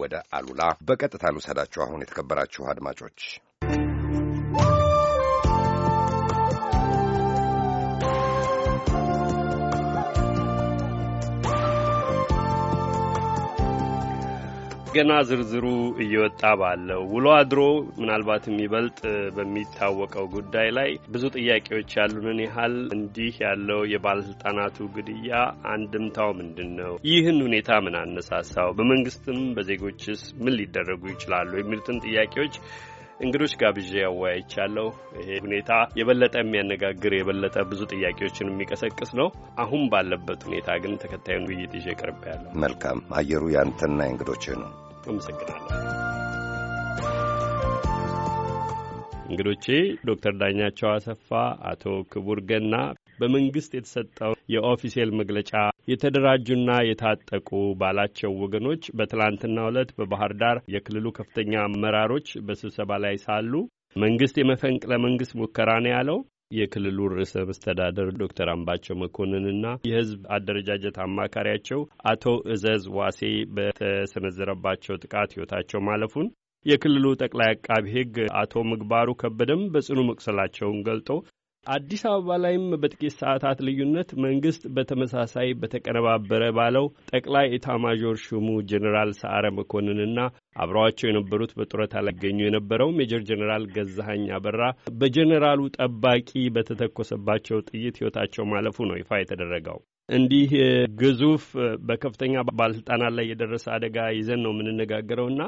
ወደ አሉላ በቀጥታ ልውሰዳችሁ። አሁን የተከበራችሁ አድማጮች ገና ዝርዝሩ እየወጣ ባለው ውሎ አድሮ ምናልባት የሚበልጥ በሚታወቀው ጉዳይ ላይ ብዙ ጥያቄዎች ያሉንን ያህል እንዲህ ያለው የባለስልጣናቱ ግድያ አንድምታው ምንድን ነው? ይህን ሁኔታ ምን አነሳሳው? በመንግስትም በዜጎችስ ምን ሊደረጉ ይችላሉ? የሚሉትን ጥያቄዎች እንግዶች ጋብዤ ያወያይቻለሁ። ይሄ ሁኔታ የበለጠ የሚያነጋግር የበለጠ ብዙ ጥያቄዎችን የሚቀሰቅስ ነው። አሁን ባለበት ሁኔታ ግን ተከታዩን ውይይት ይዤ ቀርቤ ያለሁ። መልካም አየሩ ያንተና የእንግዶችህ ነው። አመሰግናለሁ። እንግዶቼ ዶክተር ዳኛቸው አሰፋ፣ አቶ ክቡር ገና በመንግስት የተሰጠው የኦፊሴል መግለጫ የተደራጁና የታጠቁ ባላቸው ወገኖች በትላንትናው ዕለት በባህር ዳር የክልሉ ከፍተኛ አመራሮች በስብሰባ ላይ ሳሉ መንግስት የመፈንቅለ መንግስት ሙከራ ነው ያለው የክልሉ ርዕሰ መስተዳደር ዶክተር አምባቸው መኮንንና የህዝብ አደረጃጀት አማካሪያቸው አቶ እዘዝ ዋሴ በተሰነዘረባቸው ጥቃት ህይወታቸው ማለፉን የክልሉ ጠቅላይ አቃቢ ህግ አቶ ምግባሩ ከበደም በጽኑ መቁሰላቸውን ገልጦ አዲስ አበባ ላይም በጥቂት ሰዓታት ልዩነት መንግስት በተመሳሳይ በተቀነባበረ ባለው ጠቅላይ ኤታማዦር ሹሙ ጀኔራል ሰዓረ መኮንንና አብረዋቸው የነበሩት በጡረታ ላይ ይገኙ የነበረው ሜጀር ጀኔራል ገዛሀኝ አበራ በጀኔራሉ ጠባቂ በተተኮሰባቸው ጥይት ሕይወታቸው ማለፉ ነው ይፋ የተደረገው። እንዲህ ግዙፍ በከፍተኛ ባለስልጣናት ላይ የደረሰ አደጋ ይዘን ነው የምንነጋገረው እና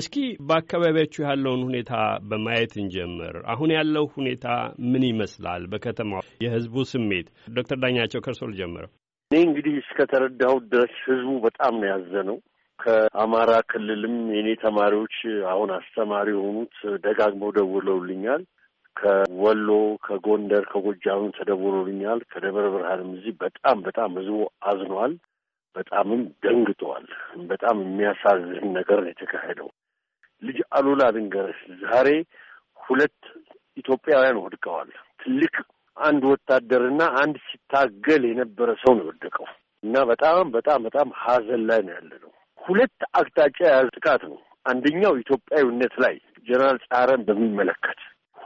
እስኪ በአካባቢያችሁ ያለውን ሁኔታ በማየት እንጀምር። አሁን ያለው ሁኔታ ምን ይመስላል? በከተማው የህዝቡ ስሜት ዶክተር ዳኛቸው ከእርሶ ልጀምረው። እኔ እንግዲህ እስከተረዳሁት ድረስ ህዝቡ በጣም ነው ያዘነው። ከአማራ ክልልም የኔ ተማሪዎች አሁን አስተማሪ የሆኑት ደጋግመው ደውለውልኛል። ከወሎ፣ ከጎንደር፣ ከጎጃም ተደውሎልኛል። ከደብረ ብርሃንም እዚህ በጣም በጣም ህዝቡ አዝኗል። በጣምም ደንግጠዋል። በጣም የሚያሳዝን ነገር ነው የተካሄደው። ልጅ አሉላ ልንገርህ፣ ዛሬ ሁለት ኢትዮጵያውያን ወድቀዋል። ትልቅ አንድ ወታደርና አንድ ሲታገል የነበረ ሰው ነው የወደቀው እና በጣም በጣም በጣም ሀዘን ላይ ነው ያለ ነው። ሁለት አቅጣጫ የያዘ ጥቃት ነው። አንደኛው ኢትዮጵያዊነት ላይ ጀነራል ጻረን በሚመለከት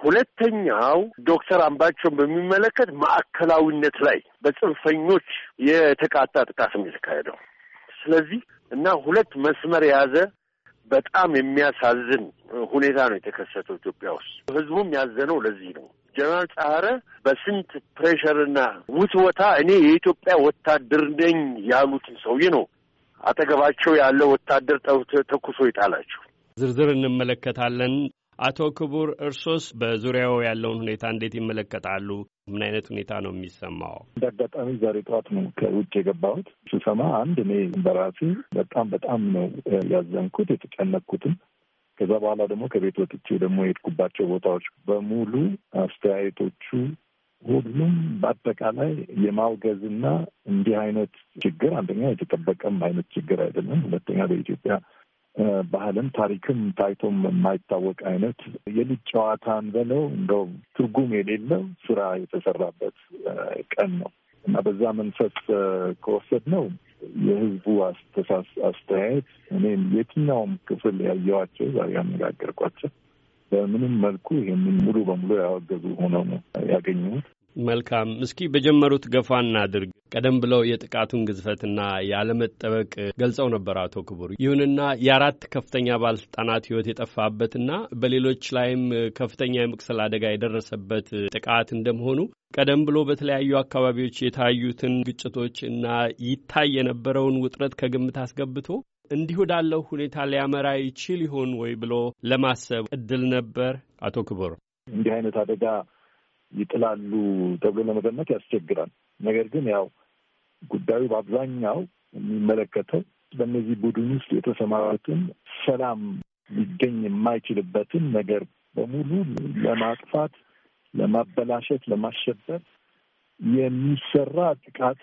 ሁለተኛው ዶክተር አምባቸውን በሚመለከት ማዕከላዊነት ላይ በጽንፈኞች የተቃጣ ጥቃት ነው የተካሄደው። ስለዚህ እና ሁለት መስመር የያዘ በጣም የሚያሳዝን ሁኔታ ነው የተከሰተው ኢትዮጵያ ውስጥ። ህዝቡም ያዘነው ለዚህ ነው። ጀነራል ጸሐረ በስንት ፕሬሸርና ውትወታ እኔ የኢትዮጵያ ወታደር ነኝ ያሉትን ሰውዬ ነው አጠገባቸው ያለ ወታደር ተኩሶ ይጣላቸው። ዝርዝር እንመለከታለን። አቶ ክቡር እርሶስ በዙሪያው ያለውን ሁኔታ እንዴት ይመለከታሉ? ምን አይነት ሁኔታ ነው የሚሰማው? እንደ አጋጣሚ ዛሬ ጠዋት ነው ከውጭ የገባሁት። ስሰማ አንድ እኔ በራሴ በጣም በጣም ነው ያዘንኩት የተጨነቅኩትም። ከዛ በኋላ ደግሞ ከቤት ወጥቼ ደግሞ የሄድኩባቸው ቦታዎች በሙሉ አስተያየቶቹ ሁሉም በአጠቃላይ የማውገዝና እንዲህ አይነት ችግር አንደኛ የተጠበቀም አይነት ችግር አይደለም። ሁለተኛ በኢትዮጵያ ባህልም ታሪክም ታይቶም የማይታወቅ አይነት የልጅ ጨዋታን በለው እንደውም ትርጉም የሌለው ስራ የተሰራበት ቀን ነው እና በዛ መንፈስ ከወሰድ ነው የህዝቡ አስተያየት እኔም የትኛውም ክፍል ያየዋቸው ያነጋገርኳቸው በምንም መልኩ ይህንን ሙሉ በሙሉ ያወገዙ ሆነው ነው ያገኘሁት። መልካም። እስኪ በጀመሩት ገፋ እናድርግ። ቀደም ብለው የጥቃቱን ግዝፈትና ያለመጠበቅ ገልጸው ነበር አቶ ክቡር። ይሁንና የአራት ከፍተኛ ባለስልጣናት ህይወት የጠፋበትና በሌሎች ላይም ከፍተኛ የመቅሰል አደጋ የደረሰበት ጥቃት እንደመሆኑ ቀደም ብሎ በተለያዩ አካባቢዎች የታዩትን ግጭቶች እና ይታይ የነበረውን ውጥረት ከግምት አስገብቶ እንዲሁ ዳለው ሁኔታ ሊያመራ ይችል ይሆን ወይ ብሎ ለማሰብ እድል ነበር አቶ ክቡር? እንዲህ አይነት አደጋ ይጥላሉ ተብሎ ለመገመት ያስቸግራል። ነገር ግን ያው ጉዳዩ በአብዛኛው የሚመለከተው በእነዚህ ቡድን ውስጥ የተሰማሩትን ሰላም ሊገኝ የማይችልበትን ነገር በሙሉ ለማጥፋት፣ ለማበላሸት፣ ለማሸበር የሚሰራ ጥቃት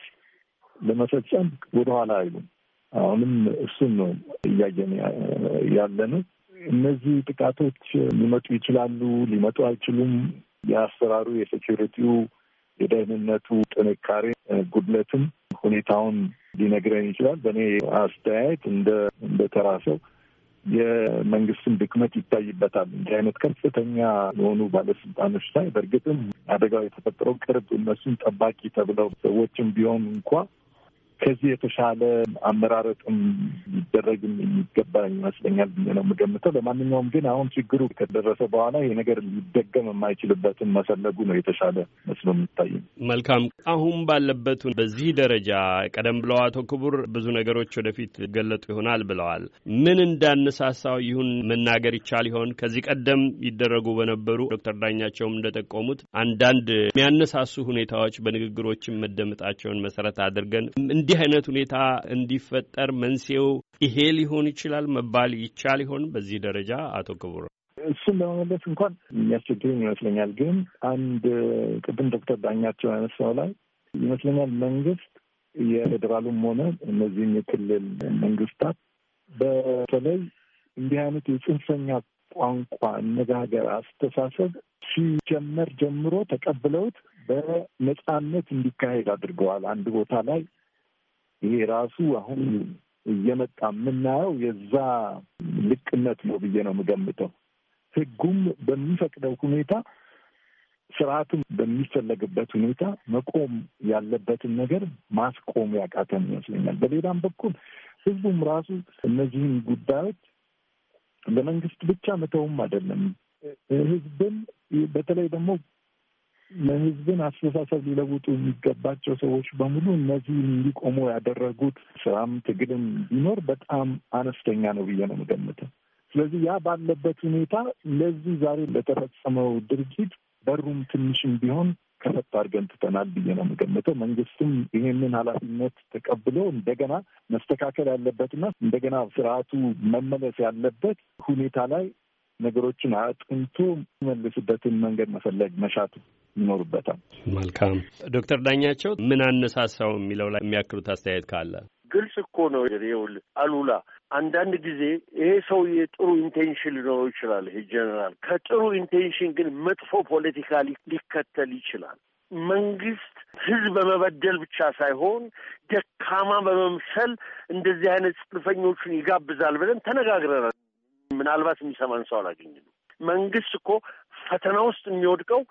ለመፈጸም ወደኋላ አይሉም። አሁንም እሱን ነው እያየን ያለ ነው። እነዚህ ጥቃቶች ሊመጡ ይችላሉ፣ ሊመጡ አይችሉም የአሰራሩ፣ የሴኪሪቲው፣ የደህንነቱ ጥንካሬ ጉድለትም ሁኔታውን ሊነግረን ይችላል። በእኔ አስተያየት እንደ እንደ ተራ ሰው የመንግስትን ድክመት ይታይበታል። እንዲህ አይነት ከፍተኛ የሆኑ ባለስልጣኖች ላይ በእርግጥም አደጋው የተፈጠረው ቅርብ እነሱን ጠባቂ ተብለው ሰዎችም ቢሆን እንኳ ከዚህ የተሻለ አመራረጥም ሊደረግም የሚገባ ይመስለኛል ብዬ ነው የምገምተው። ለማንኛውም ግን አሁን ችግሩ ከደረሰ በኋላ ይህ ነገር ሊደገም የማይችልበትን መፈለጉ ነው የተሻለ መስሎ የሚታይ። መልካም አሁን ባለበት በዚህ ደረጃ ቀደም ብለው አቶ ክቡር ብዙ ነገሮች ወደፊት ገለጡ ይሆናል ብለዋል። ምን እንዳነሳሳው ይሁን መናገር ይቻል ይሆን? ከዚህ ቀደም ይደረጉ በነበሩ ዶክተር ዳኛቸውም እንደጠቆሙት አንዳንድ የሚያነሳሱ ሁኔታዎች በንግግሮችም መደመጣቸውን መሰረት አድርገን እንዲህ አይነት ሁኔታ እንዲፈጠር መንስኤው ይሄ ሊሆን ይችላል መባል ይቻል ይሆን? በዚህ ደረጃ አቶ ክቡር እሱን ለመመለስ እንኳን የሚያስቸግረኝ ይመስለኛል። ግን አንድ ቅድም ዶክተር ዳኛቸው ያነሳው ላይ ይመስለኛል መንግስት የፌዴራሉም ሆነ እነዚህም የክልል መንግስታት በተለይ እንዲህ አይነት የጽንፈኛ ቋንቋ፣ አነጋገር፣ አስተሳሰብ ሲጀመር ጀምሮ ተቀብለውት በነጻነት እንዲካሄድ አድርገዋል። አንድ ቦታ ላይ ይሄ ራሱ አሁን እየመጣ የምናየው የዛ ልቅነት ነው ብዬ ነው የምገምተው። ህጉም በሚፈቅደው ሁኔታ ስርዓቱም በሚፈለግበት ሁኔታ መቆም ያለበትን ነገር ማስቆም ያቃተን ይመስለኛል። በሌላም በኩል ህዝቡም ራሱ እነዚህን ጉዳዮች ለመንግስት ብቻ መተውም አይደለም። ህዝብን በተለይ ደግሞ የህዝብን አስተሳሰብ ሊለውጡ የሚገባቸው ሰዎች በሙሉ እነዚህ እንዲቆሙ ያደረጉት ስራም ትግልም ቢኖር በጣም አነስተኛ ነው ብዬ ነው የምገምተው። ስለዚህ ያ ባለበት ሁኔታ ለዚህ ዛሬ ለተፈጸመው ድርጊት በሩም ትንሽም ቢሆን ከፈት አድርገን ትተናል ብዬ ነው የምገምተው። መንግስትም ይሄንን ኃላፊነት ተቀብሎ እንደገና መስተካከል ያለበትና እንደገና ስርዓቱ መመለስ ያለበት ሁኔታ ላይ ነገሮችን አጥንቶ የሚመልስበትን መንገድ መፈለግ መሻት ይኖሩበታል። መልካም ዶክተር ዳኛቸው ምን አነሳሳው የሚለው ላይ የሚያክሉት አስተያየት ካለ ግልጽ እኮ ነው። ሬውል አሉላ አንዳንድ ጊዜ ይሄ ሰውዬ ጥሩ ኢንቴንሽን ሊኖረው ይችላል። ይሄ ጀነራል ከጥሩ ኢንቴንሽን ግን መጥፎ ፖለቲካ ሊከተል ይችላል። መንግስት ህዝብ በመበደል ብቻ ሳይሆን ደካማ በመምሰል እንደዚህ አይነት ጽንፈኞቹን ይጋብዛል ብለን ተነጋግረናል። ምናልባት የሚሰማን ሰው አላገኝም። መንግስት እኮ ፈተና ውስጥ የሚወድቀው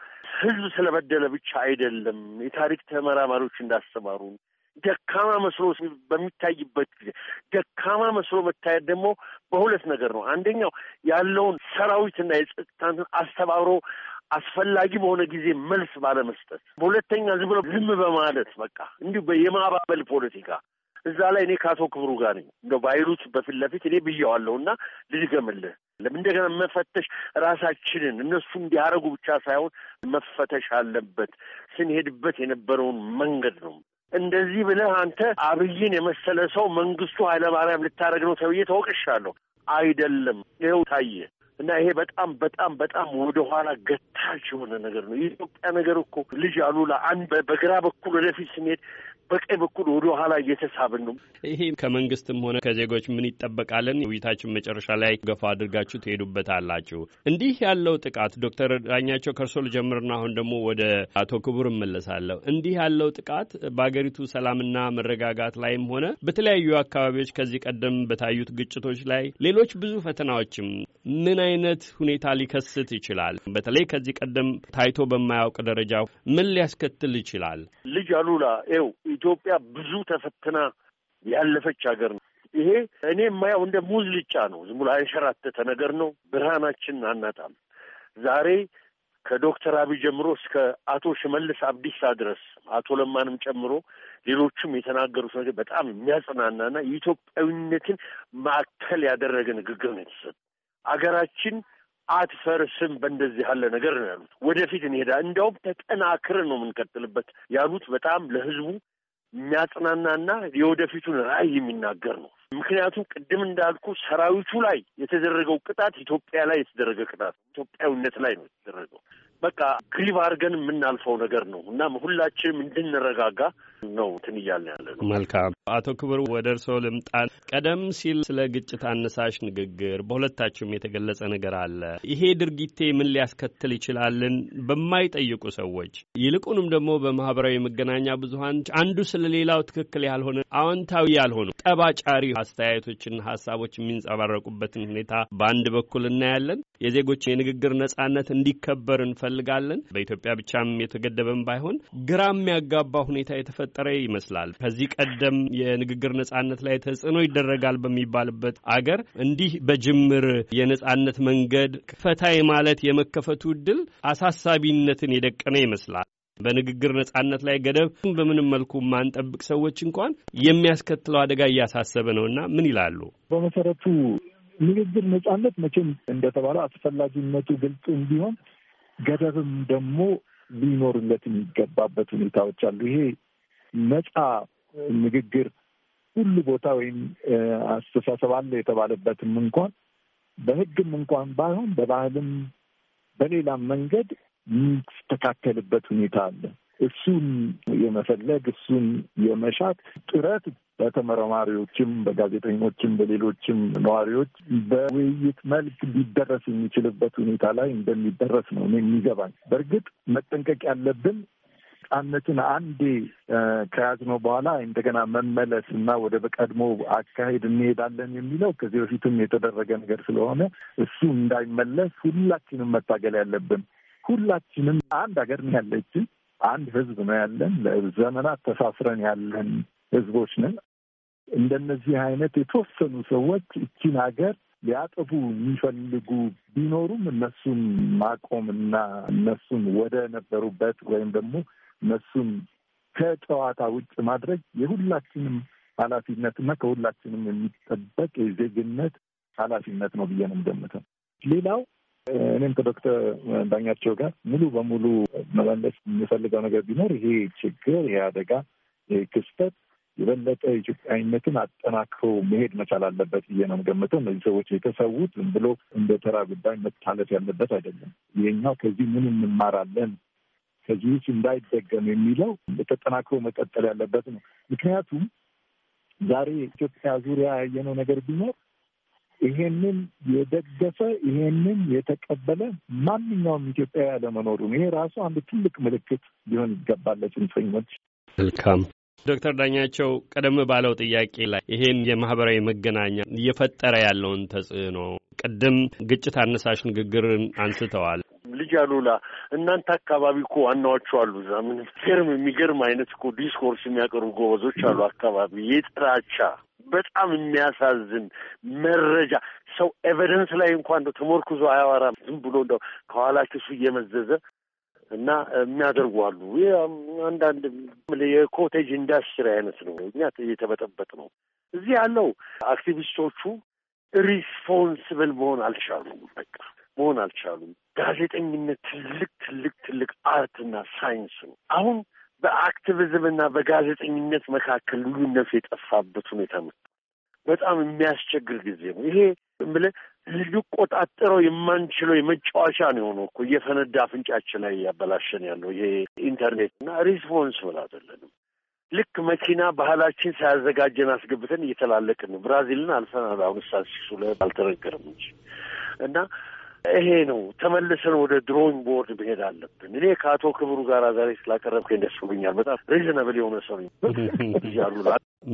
ህዝብ ስለበደለ ብቻ አይደለም። የታሪክ ተመራማሪዎች እንዳስተማሩን ደካማ መስሎ በሚታይበት ጊዜ ደካማ መስሎ መታየት ደግሞ በሁለት ነገር ነው። አንደኛው ያለውን ሰራዊትና የጸጥታን አስተባብሮ አስፈላጊ በሆነ ጊዜ መልስ ባለመስጠት፣ በሁለተኛ ዝም ብሎ ዝም በማለት በቃ እንዲሁ የማባበል ፖለቲካ እዛ ላይ እኔ ከአቶ ክብሩ ጋር ነኝ። እንደው ባይሉት በፊት ለፊት እኔ ብየዋለሁ እና ልድገምልህ እንደገና መፈተሽ ራሳችንን እነሱ እንዲያደርጉ ብቻ ሳይሆን መፈተሽ አለበት። ስንሄድበት የነበረውን መንገድ ነው። እንደዚህ ብለህ አንተ አብይን የመሰለ ሰው መንግስቱ ኃይለማርያም ልታደርግ ነው ተብዬ ተወቅሻለሁ። አይደለም ይኸው ታየ እና ይሄ በጣም በጣም በጣም ወደኋላ ገታች የሆነ ነገር ነው። የኢትዮጵያ ነገር እኮ ልጅ አሉላ አንድ በግራ በኩል ወደፊት ስንሄድ በቀኝ በኩል ወደ ኋላ እየተሳብን ነው። ይሄ ከመንግስትም ሆነ ከዜጎች ምን ይጠበቃልን? ውይይታችን መጨረሻ ላይ ገፋ አድርጋችሁ ትሄዱበት አላችሁ። እንዲህ ያለው ጥቃት ዶክተር ዳኛቸው ከእርሶ ልጀምርና አሁን ደግሞ ወደ አቶ ክቡር እመለሳለሁ። እንዲህ ያለው ጥቃት በአገሪቱ ሰላምና መረጋጋት ላይም ሆነ በተለያዩ አካባቢዎች ከዚህ ቀደም በታዩት ግጭቶች ላይ ሌሎች ብዙ ፈተናዎችም ምን አይነት ሁኔታ ሊከስት ይችላል? በተለይ ከዚህ ቀደም ታይቶ በማያውቅ ደረጃ ምን ሊያስከትል ይችላል? ልጅ አሉላ ው ኢትዮጵያ ብዙ ተፈትና ያለፈች ሀገር ነው። ይሄ እኔ የማየው እንደ ሙዝ ልጫ ነው። ዝም ብሎ አንሸራተተ ነገር ነው። ብርሃናችን አናጣም። ዛሬ ከዶክተር አብይ ጀምሮ እስከ አቶ ሽመልስ አብዲሳ ድረስ አቶ ለማንም ጨምሮ ሌሎቹም የተናገሩት ነገር በጣም የሚያጽናናና የኢትዮጵያዊነትን ማዕከል ያደረገ ንግግር ነው የተሰጠ። አገራችን አትፈርስም በእንደዚህ ያለ ነገር ነው ያሉት። ወደፊት እንሄዳ እንዲያውም ተጠናክረን ነው የምንቀጥልበት ያሉት በጣም ለህዝቡ የሚያጽናናና የወደፊቱን ራዕይ የሚናገር ነው። ምክንያቱም ቅድም እንዳልኩ ሰራዊቱ ላይ የተደረገው ቅጣት ኢትዮጵያ ላይ የተደረገ ቅጣት ኢትዮጵያዊነት ላይ ነው የተደረገው። በቃ ክሊቭ አድርገን የምናልፈው ነገር ነው እና ሁላችንም እንድንረጋጋ ነው እንትን ያለ ነው። መልካም አቶ ክብር ወደ እርስዎ ልምጣን። ቀደም ሲል ስለ ግጭት አነሳሽ ንግግር በሁለታችሁም የተገለጸ ነገር አለ። ይሄ ድርጊቴ ምን ሊያስከትል ይችላልን በማይጠይቁ ሰዎች ይልቁንም ደግሞ በማህበራዊ መገናኛ ብዙሀን አንዱ ስለ ሌላው ትክክል ያልሆነ አዎንታዊ ያልሆኑ ጠባጫሪ አስተያየቶችና ሀሳቦች የሚንጸባረቁበትን ሁኔታ በአንድ በኩል እናያለን። የዜጎች የንግግር ነጻነት እንዲከበር እንፈል እንፈልጋለን። በኢትዮጵያ ብቻም የተገደበም ባይሆን ግራ የሚያጋባ ሁኔታ የተፈጠረ ይመስላል። ከዚህ ቀደም የንግግር ነጻነት ላይ ተጽዕኖ ይደረጋል በሚባልበት አገር እንዲህ በጅምር የነጻነት መንገድ ፈታ ማለት የመከፈቱ እድል አሳሳቢነትን የደቀነ ይመስላል። በንግግር ነጻነት ላይ ገደብ በምንም መልኩ የማንጠብቅ ሰዎች እንኳን የሚያስከትለው አደጋ እያሳሰበ ነው እና ምን ይላሉ? በመሰረቱ ንግግር ነጻነት መቼም እንደተባለ አስፈላጊነቱ ግልጽ እንዲሆን ገደብም ደግሞ ሊኖርለት የሚገባበት ሁኔታዎች አሉ። ይሄ ነፃ ንግግር ሁሉ ቦታ ወይም አስተሳሰብ አለ የተባለበትም እንኳን በሕግም እንኳን ባይሆን በባህልም በሌላም መንገድ የሚስተካከልበት ሁኔታ አለ። እሱን የመፈለግ እሱን የመሻት ጥረት በተመራማሪዎችም፣ በጋዜጠኞችም፣ በሌሎችም ነዋሪዎች በውይይት መልክ ሊደረስ የሚችልበት ሁኔታ ላይ እንደሚደረስ ነው የሚገባኝ። በእርግጥ መጠንቀቅ ያለብን ነፃነትን አንዴ ከያዝነው በኋላ እንደገና መመለስ እና ወደ በቀድሞ አካሄድ እንሄዳለን የሚለው ከዚህ በፊትም የተደረገ ነገር ስለሆነ እሱ እንዳይመለስ ሁላችንም መታገል ያለብን። ሁላችንም አንድ ሀገር ነው ያለችን፣ አንድ ህዝብ ነው ያለን፣ ለዘመናት ተሳስረን ያለን ህዝቦች ነን። እንደነዚህ አይነት የተወሰኑ ሰዎች እቺን ሀገር ሊያጠፉ የሚፈልጉ ቢኖሩም እነሱን ማቆምና እነሱን ወደ ነበሩበት ወይም ደግሞ እነሱን ከጨዋታ ውጭ ማድረግ የሁላችንም ኃላፊነትና ከሁላችንም የሚጠበቅ የዜግነት ኃላፊነት ነው ብዬ ነው የምገምተው። ሌላው እኔም ከዶክተር ዳኛቸው ጋር ሙሉ በሙሉ መመለስ የምፈልገው ነገር ቢኖር ይሄ ችግር፣ ይሄ አደጋ፣ ይሄ ክስተት የበለጠ ኢትዮጵያዊነትን አጠናክሮ መሄድ መቻል አለበት ብዬ ነው የምገምተው። እነዚህ ሰዎች የተሰዉት ዝም ብሎ እንደ ተራ ጉዳይ መታለፍ ያለበት አይደለም። ይሄኛው ከዚህ ምን እንማራለን ከዚህ ውጭ እንዳይደገም የሚለው ተጠናክሮ መቀጠል ያለበት ነው። ምክንያቱም ዛሬ ኢትዮጵያ ዙሪያ ያየነው ነገር ቢኖር ይሄንን የደገፈ ይሄንን የተቀበለ ማንኛውም ኢትዮጵያዊ አለመኖሩ ይሄ ራሱ አንድ ትልቅ ምልክት ሊሆን ይገባል ለጽንፈኞች። መልካም ዶክተር ዳኛቸው ቀደም ባለው ጥያቄ ላይ ይሄን የማህበራዊ መገናኛ እየፈጠረ ያለውን ተጽዕኖ ቅድም ግጭት አነሳሽ ንግግርን አንስተዋል። ልጅ አሉላ እናንተ አካባቢ እኮ ዋናዎቹ አሉ። እዛ ምን ገርም የሚገርም አይነት እኮ ዲስኮርስ የሚያቀርቡ ጎበዞች አሉ። አካባቢ የጥላቻ በጣም የሚያሳዝን መረጃ ሰው ኤቪደንስ ላይ እንኳን ተሞርክዞ አያወራም። ዝም ብሎ እንደው ከኋላ እየመዘዘ እና የሚያደርጉ አሉ። አንዳንድ የኮቴጅ ኢንዱስትሪ አይነት ነው። እኛ እየተበጠበጥ ነው። እዚህ ያለው አክቲቪስቶቹ ሪስፖንስብል መሆን አልቻሉም። በቃ መሆን አልቻሉም። ጋዜጠኝነት ትልቅ ትልቅ ትልቅ አርትና ሳይንስ ነው። አሁን በአክቲቪዝም እና በጋዜጠኝነት መካከል ልዩነቱ የጠፋበት ሁኔታ ነው። በጣም የሚያስቸግር ጊዜ ነው ይሄ። ልንቆጣጠረው የማንችለው የመጫወቻ ነው የሆነው እኮ እየፈነዳ አፍንጫችን ላይ ያበላሸን ያለው ይሄ ኢንተርኔት እና ሪስፖንስ ብል አይደለንም። ልክ መኪና ባህላችን ሳያዘጋጀን አስገብተን እየተላለቅን ነው። ብራዚልን አልፈናል። አሁን ሳሲሱ ላይ አልተነገርም እንጂ እና ይሄ ነው ተመልሰን ወደ ድሮይንግ ቦርድ መሄድ አለብን። እኔ ከአቶ ክብሩ ጋር ዛሬ ስላቀረብከኝ ደስ ብሎኛል። በጣም ሪዝነብል የሆነ ሰው ያሉ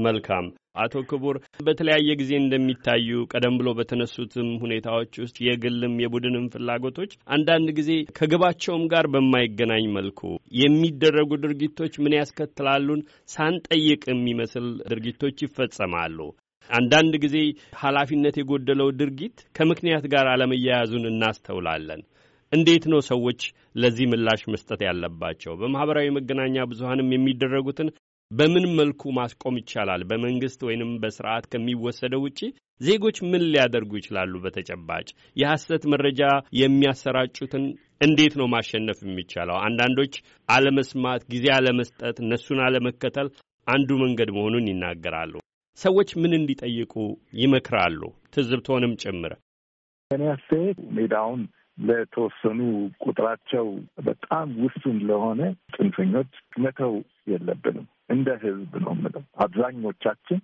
መልካም አቶ ክቡር በተለያየ ጊዜ እንደሚታዩ ቀደም ብሎ በተነሱትም ሁኔታዎች ውስጥ የግልም የቡድንም ፍላጎቶች አንዳንድ ጊዜ ከግባቸውም ጋር በማይገናኝ መልኩ የሚደረጉ ድርጊቶች ምን ያስከትላሉን ሳንጠይቅ የሚመስል ድርጊቶች ይፈጸማሉ። አንዳንድ ጊዜ ኃላፊነት የጎደለው ድርጊት ከምክንያት ጋር አለመያያዙን እናስተውላለን። እንዴት ነው ሰዎች ለዚህ ምላሽ መስጠት ያለባቸው? በማህበራዊ መገናኛ ብዙሀንም የሚደረጉትን በምን መልኩ ማስቆም ይቻላል? በመንግስት ወይንም በስርዓት ከሚወሰደው ውጪ ዜጎች ምን ሊያደርጉ ይችላሉ? በተጨባጭ የሐሰት መረጃ የሚያሰራጩትን እንዴት ነው ማሸነፍ የሚቻለው? አንዳንዶች አለመስማት፣ ጊዜ አለመስጠት፣ እነሱን አለመከተል አንዱ መንገድ መሆኑን ይናገራሉ። ሰዎች ምን እንዲጠይቁ ይመክራሉ? ትዝብቶንም ጭምር እኔ አስተያየት ሜዳውን ለተወሰኑ ቁጥራቸው በጣም ውሱን ለሆነ ጽንፈኞች መተው የለብንም። እንደ ህዝብ ነው የምለው። አብዛኞቻችን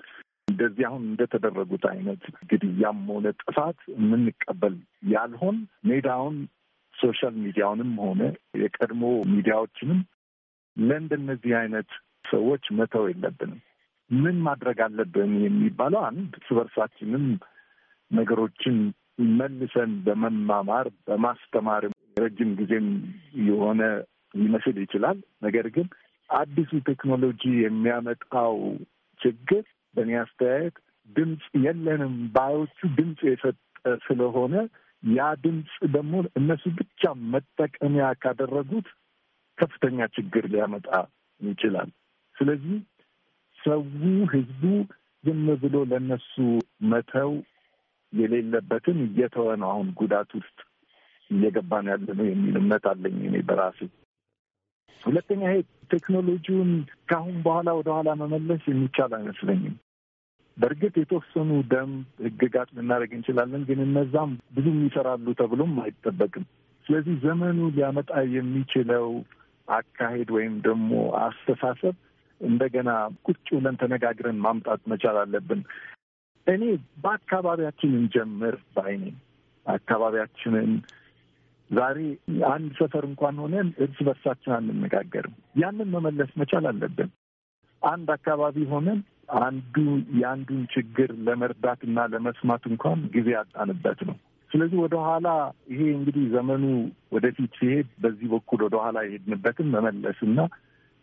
እንደዚህ አሁን እንደተደረጉት አይነት ግድያም ሆነ ጥፋት የምንቀበል ያልሆን ሜዳውን ሶሻል ሚዲያውንም ሆነ የቀድሞ ሚዲያዎችንም ለእንደነዚህ አይነት ሰዎች መተው የለብንም። ምን ማድረግ አለብን የሚባለው አንድ ስበርሳችንም ነገሮችን መልሰን በመማማር በማስተማር ረጅም ጊዜም የሆነ ሊመስል ይችላል። ነገር ግን አዲሱ ቴክኖሎጂ የሚያመጣው ችግር በእኔ አስተያየት ድምፅ የለንም ባዮቹ ድምፅ የሰጠ ስለሆነ ያ ድምፅ ደግሞ እነሱ ብቻ መጠቀሚያ ካደረጉት ከፍተኛ ችግር ሊያመጣ ይችላል። ስለዚህ ሰው፣ ህዝቡ ዝም ብሎ ለእነሱ መተው የሌለበትን እየተወ ነው አሁን ጉዳት ውስጥ እየገባን ያለ ነው የሚል እምነት አለኝ እኔ በራሴ። ሁለተኛ ይሄ ቴክኖሎጂውን ከአሁን በኋላ ወደኋላ መመለስ የሚቻል አይመስለኝም። በእርግጥ የተወሰኑ ደንብ ህግጋት ልናደርግ እንችላለን፣ ግን እነዛም ብዙም ይሰራሉ ተብሎም አይጠበቅም። ስለዚህ ዘመኑ ሊያመጣ የሚችለው አካሄድ ወይም ደግሞ አስተሳሰብ እንደገና ቁጭ ብለን ተነጋግረን ማምጣት መቻል አለብን። እኔ በአካባቢያችን እንጀምር ባይኔ አካባቢያችንን ዛሬ አንድ ሰፈር እንኳን ሆነን እርስ በርሳችን አንነጋገርም። ያንን መመለስ መቻል አለብን። አንድ አካባቢ ሆነን አንዱ የአንዱን ችግር ለመርዳት እና ለመስማት እንኳን ጊዜ ያጣንበት ነው። ስለዚህ ወደኋላ ይሄ እንግዲህ ዘመኑ ወደፊት ሲሄድ በዚህ በኩል ወደኋላ የሄድንበትን መመለስ ና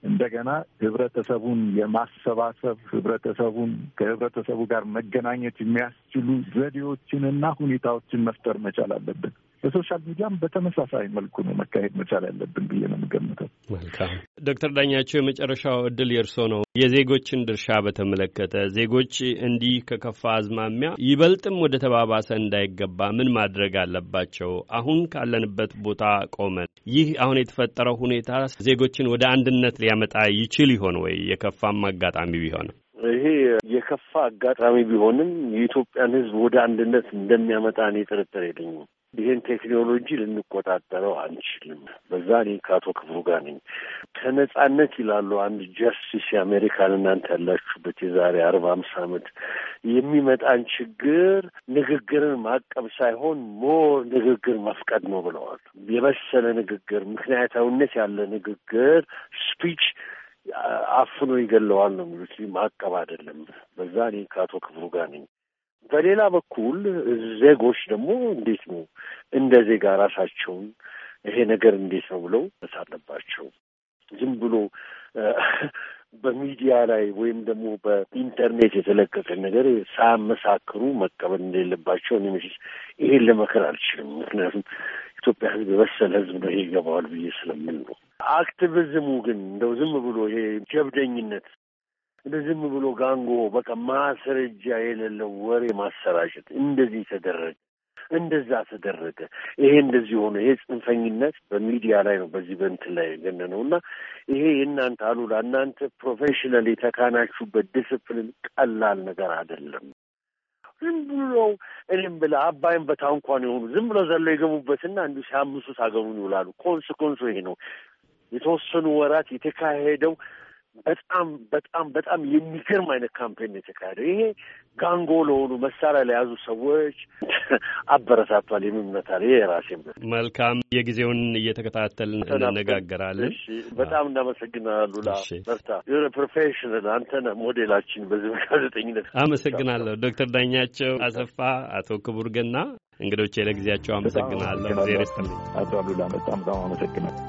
እንደገና ህብረተሰቡን የማሰባሰብ ህብረተሰቡን ከህብረተሰቡ ጋር መገናኘት የሚያስችሉ ዘዴዎችንና ሁኔታዎችን መፍጠር መቻል አለብን። በሶሻል ሚዲያም በተመሳሳይ መልኩ ነው መካሄድ መቻል ያለብን ብዬ ነው የምገምተው። መልካም ዶክተር ዳኛቸው የመጨረሻው እድል የእርሶ ነው። የዜጎችን ድርሻ በተመለከተ ዜጎች እንዲህ ከከፋ አዝማሚያ ይበልጥም ወደ ተባባሰ እንዳይገባ ምን ማድረግ አለባቸው? አሁን ካለንበት ቦታ ቆመን ይህ አሁን የተፈጠረው ሁኔታ ዜጎችን ወደ አንድነት ሊያመጣ ይችል ይሆን ወይ? የከፋም አጋጣሚ ቢሆን ይሄ የከፋ አጋጣሚ ቢሆንም የኢትዮጵያን ሕዝብ ወደ አንድነት እንደሚያመጣ እኔ ጥርጥር የለኝም። ይህን ቴክኖሎጂ ልንቆጣጠረው አንችልም። በዛ እኔ ከአቶ ክብሩ ጋር ነኝ። ከነጻነት ይላሉ አንድ ጀስቲስ የአሜሪካን እናንተ ያላችሁበት የዛሬ አርባ አምስት አመት የሚመጣን ችግር ንግግርን ማቀብ ሳይሆን ሞር ንግግር መፍቀድ ነው ብለዋል። የበሰለ ንግግር፣ ምክንያታዊነት ያለ ንግግር ስፒች አፍኖ ይገለዋል ነው የሚሉት። ማቀብ አይደለም። በዛ እኔ ከአቶ ክብሩ ጋር ነኝ። በሌላ በኩል ዜጎች ደግሞ እንዴት ነው እንደ ዜጋ ራሳቸውን ይሄ ነገር እንዴት ነው ብለው አለባቸው። ዝም ብሎ በሚዲያ ላይ ወይም ደግሞ በኢንተርኔት የተለቀቀ ነገር ሳያመሳክሩ መቀበል እንደሌለባቸው እኔ መቼስ ይሄን ለመከር አልችልም። ምክንያቱም ኢትዮጵያ ሕዝብ የበሰለ ሕዝብ ነው፣ ይሄ ይገባዋል ብዬ ስለምን ነው። አክቲቪዝሙ ግን እንደው ዝም ብሎ ይሄ ጀብደኝነት ዝም ብሎ ጋንጎ በቃ ማስረጃ የሌለው ወሬ ማሰራጨት እንደዚህ ተደረገ እንደዛ ተደረገ፣ ይሄ እንደዚህ ሆነ። ይሄ ጽንፈኝነት በሚዲያ ላይ ነው በዚህ በእንትን ላይ ገነ ነው እና ይሄ የእናንተ አሉላ እናንተ ፕሮፌሽናል የተካናችሁበት ዲስፕሊን ቀላል ነገር አይደለም። ዝም ብሎ እኔም ብለ አባይም በታንኳን የሆኑ ዝም ብሎ ዘለው የገቡበትና እንዲሁ ሲያምሱት አገሩን ይውላሉ። ኮንስ ኮንሶ ይሄ ነው የተወሰኑ ወራት የተካሄደው በጣም በጣም በጣም የሚገርም አይነት ካምፔን ነው የተካሄደው ይሄ ጋንጎ ለሆኑ መሳሪያ ለያዙ ሰዎች አበረታቷል። የሚመታል። ይሄ የራሴ መልካም የጊዜውን እየተከታተልን እንነጋገራለን። በጣም እናመሰግናሉ። በርታ ፕሮፌሽናል አንተ ሞዴላችን በዚህ ጋዜጠኝነት አመሰግናለሁ። ዶክተር ዳኛቸው አሰፋ፣ አቶ ክቡር ገና እንግዶቼ ለጊዜያቸው አመሰግናለሁ። ዜር ይስጥልኝ። አቶ አሉላ በጣም በጣም አመሰግናለሁ።